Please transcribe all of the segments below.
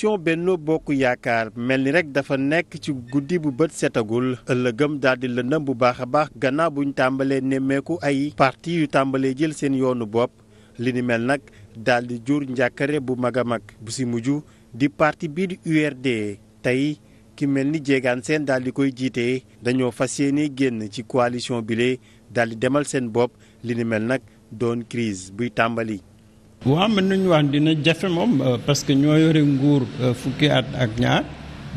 coalition Benno Bokk Yaakaar mel ni rek dafa nekk ci guddi bu bët setagul ëllëgam daal di lëndëm bu baax a baax gannaaw buñ tàmbalee nemmeeku ay parti yu tàmbalee jël seen yoonu bopp li ni mel nag daal di jur njàkkare bu mag a mag bu si mujj di parti bii di URD tey ki mel ni Diégane seen daal di koy jiite dañoo fas yéene génn ci coalition bile daal di demal seen bopp li mel nag doon crise buy tàmbali. waa mën nañu wax dina jafe moom euh, parce que ñoo yore nguur euh, fukki at ak ñaar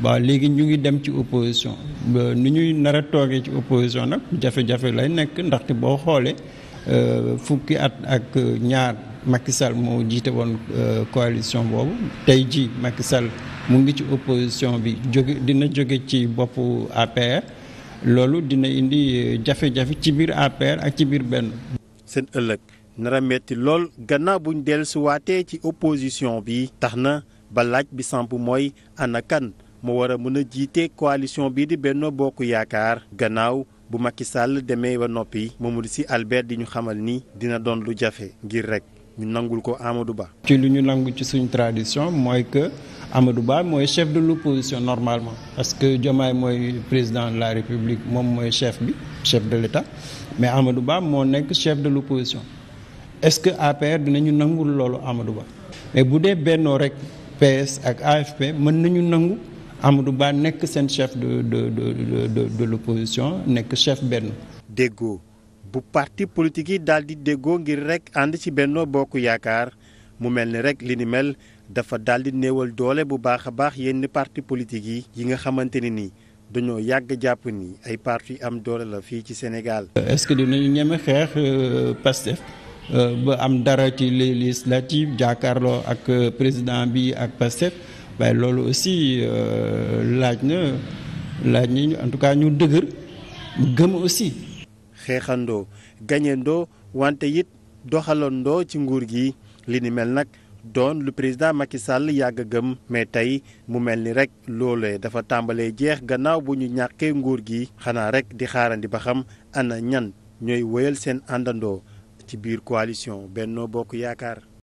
waaw léegi ñu ngi dem ci opposition ni ñuy nar a toogee ci opposition nag jafe-jafe lay nekk ndaxte boo xoolee euh, fukki at ak ñaar Macky moo jiite woon coalition boobu tey ji Macky mu ngi ci opposition bi jóge dina jóge ci boppu APR loolu dina indi jafe-jafe ci biir APR ak ci biir benn seen ëllëg nara metti lool gannaaw bu ñu buñ waatee ci opposition bi tax na ba laaj bi samp mooy ana kan mu war a mën a jiite coalition bii di Benno Bokk Yaakaar gannaaw bu Macky Sall demee ba noppi Mamadou Sy Albert di ñu xamal ni dina doon lu jafe ngir rek ñu nangul ko Amadou Ba. ci lu ñu nangu ci suñu tradition mooy que Amadou Ba mooy chef de l'opposition normalement parce que Diomaye mooy président de la République moom mooy chef bi chef de l'État mais Amadou Ba moo nekk chef de l'opposition est-ce que APR dinañu nangul loolu Amadou Ba mais bu dee bennoo rek PS ak AFP mën nañu nangu Amadou Ba nekk seen chef de de de de l'opposition nekk chef benn. déggoo bu parti politique yi daal di déggoo ngir rek ànd ci Benno Bokk Yaakaar mu mel ni rek li ni mel dafa daal di néewal doole bu baax a baax yenn parti politique yi. yi nga xamante ne ni. dañoo yàgg jàpp ni ay parti am doole la fii ci Sénégal. est-ce que dinañu ñeme xeex euh, Pastef Euh, ba am dara ci les législatives jàkkaarloo ak euh, président bi ak Pastef waaye loolu aussi euh, laaj na laaj nañu en tout cas ñu dëggër gëm aussi. xeexandoo gañandoo wante it doxalandoo ci nguur gi li ni mel nag doon lu président Macky Sall yàgg gëm mais tey mu mel ni rek loole dafa tàmbalee jeex gannaaw bu ñu ñàkkee nguur gi xanaa rek di xaarandi ba xam ana ñan ñooy wéyal seen àndandoo. ci biir coalition Benno Bokk Yaakaar